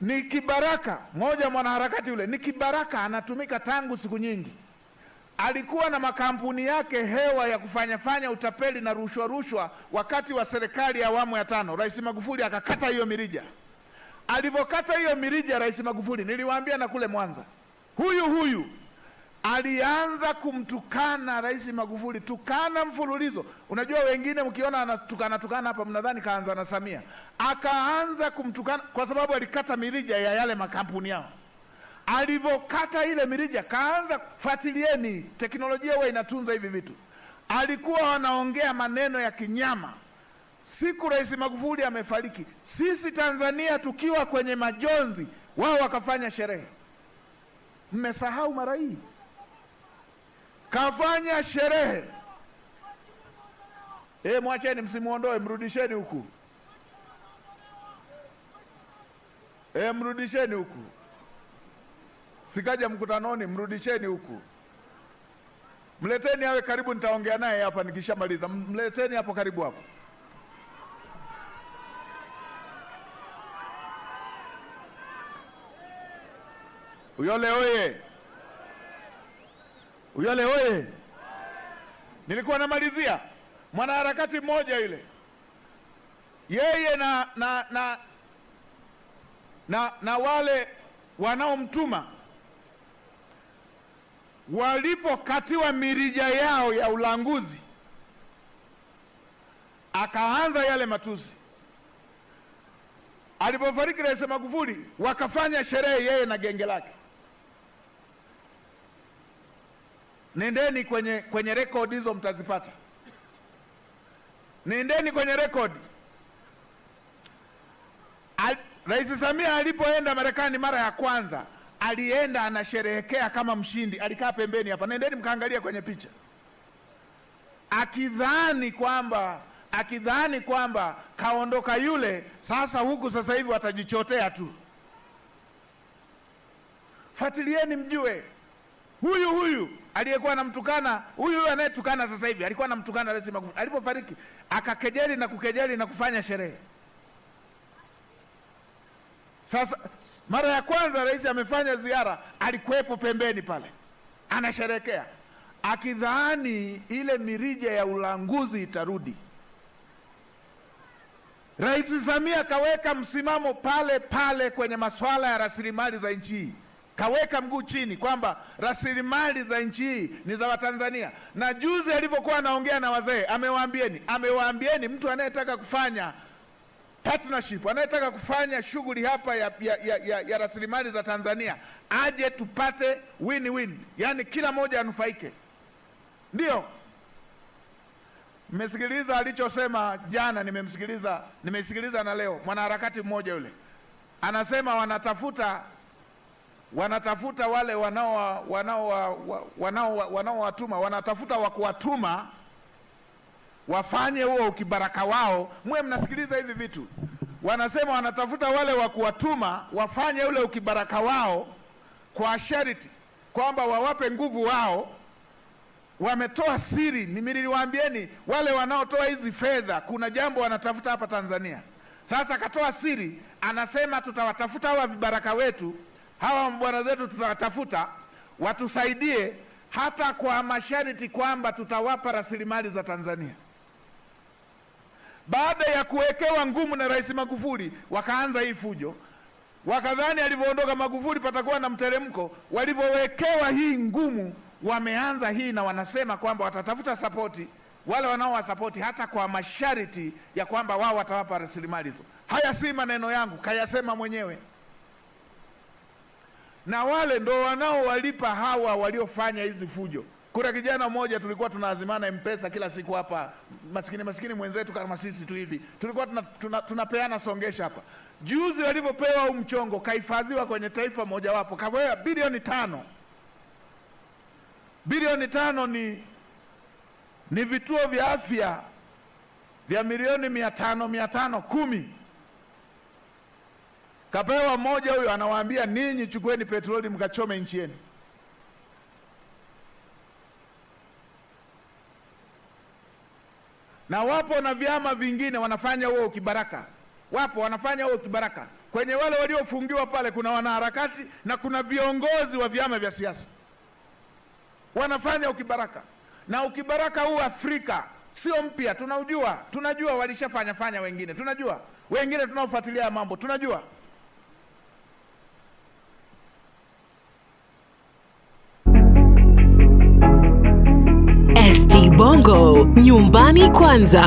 ni kibaraka moja. Mwanaharakati yule ni kibaraka, anatumika tangu siku nyingi. Alikuwa na makampuni yake hewa ya kufanyafanya utapeli na rushwa rushwa wakati wa serikali ya awamu ya tano. Rais Magufuli akakata hiyo mirija. Alivyokata hiyo mirija, Rais Magufuli, niliwaambia na kule Mwanza, huyu huyu alianza kumtukana Rais Magufuli, tukana mfululizo. Unajua wengine mkiona anatukana tukana hapa mnadhani kaanza na Samia. Akaanza kumtukana kwa sababu alikata mirija ya yale makampuni yao. Alivyokata ile mirija, kaanza fuatilieni, teknolojia huwa inatunza hivi vitu. Alikuwa wanaongea maneno ya kinyama. Siku Rais Magufuli amefariki, sisi Tanzania tukiwa kwenye majonzi, wao wakafanya sherehe. Mmesahau mara hii kafanya sherehe e, mwacheni, msimwondoe, mrudisheni huku e, mrudisheni huku, sikaja mkutanoni, mrudisheni huku, mleteni awe karibu, nitaongea naye hapa nikishamaliza. Mleteni hapo karibu hapo. Uyole oye! Uyole oye! Nilikuwa namalizia mwanaharakati mmoja yule, yeye na na na na, na wale wanaomtuma walipokatiwa mirija yao ya ulanguzi, akaanza yale matusi. Alipofariki Rais Magufuli, wakafanya sherehe yeye na genge lake. Nendeni kwenye kwenye rekodi hizo mtazipata. Nendeni kwenye rekodi. Rais Samia alipoenda Marekani mara ya kwanza, alienda anasherehekea kama mshindi, alikaa pembeni hapa. Nendeni mkaangalia kwenye picha, akidhani kwamba akidhani kwamba kaondoka yule, sasa huku sasa hivi watajichotea tu. Fuatilieni mjue huyu huyu aliyekuwa anamtukana huyu huyu anayetukana sasa hivi alikuwa anamtukana Rais Magufuli, alipofariki akakejeli na kukejeli na kufanya sherehe. Sasa mara ya kwanza rais amefanya ziara, alikuwepo pembeni pale anasherekea, akidhani ile mirija ya ulanguzi itarudi. Rais Samia akaweka msimamo pale pale kwenye masuala ya rasilimali za nchi hii kaweka mguu chini kwamba rasilimali za nchi hii ni za Watanzania. Na juzi alivyokuwa anaongea na wazee, amewaambieni amewaambieni, mtu anayetaka kufanya partnership, anayetaka kufanya shughuli hapa ya, ya, ya, ya, ya rasilimali za Tanzania aje tupate win win, yaani kila mmoja anufaike. ndio mmesikiliza alichosema jana, nimemsikiliza nimesikiliza na leo mwanaharakati mmoja yule anasema wanatafuta wanatafuta wale wanaowatuma wanao, wanao, wanao wanatafuta wa kuwatuma wafanye huo ukibaraka wao. Mwe mnasikiliza hivi vitu, wanasema wanatafuta wale wa kuwatuma wafanye ule ukibaraka wao kwa shariti kwamba wawape nguvu wao. Wametoa siri, niliwaambieni wale wanaotoa hizi fedha, kuna jambo wanatafuta hapa Tanzania. Sasa akatoa siri, anasema tutawatafuta hawa vibaraka wetu hawa bwana zetu tunawatafuta watusaidie hata kwa masharti kwamba tutawapa rasilimali za Tanzania. Baada ya kuwekewa ngumu na Rais Magufuli, wakaanza hii fujo, wakadhani alivyoondoka Magufuli patakuwa na mteremko. Walivyowekewa hii ngumu, wameanza hii na wanasema kwamba watatafuta sapoti wale wanaowasapoti hata kwa masharti ya kwamba wao watawapa rasilimali hizo. Haya si maneno yangu, kayasema mwenyewe na wale ndo wanaowalipa hawa waliofanya hizi fujo. Kuna kijana mmoja tulikuwa tunaazimana mpesa kila siku hapa, maskini maskini mwenzetu kama sisi tu hivi, tulikuwa tunapeana tuna, tuna songesha hapa. Juzi walivyopewa huu mchongo, kahifadhiwa kwenye taifa mojawapo, kapewa bilioni tano. Bilioni tano ni ni vituo vya afya vya milioni mia tano mia tano kumi Kapewa mmoja huyo anawaambia ninyi, chukueni petroli mkachome nchi yenu. Na wapo na vyama vingine wanafanya huo ukibaraka, wapo wanafanya huo ukibaraka. Kwenye wale waliofungiwa pale kuna wanaharakati na kuna viongozi wa vyama vya siasa wanafanya ukibaraka, na ukibaraka huu Afrika sio mpya, tunaujua, tunajua walishafanya fanya wengine, tunajua wengine tunaofuatilia mambo tunajua. Bongo, nyumbani kwanza.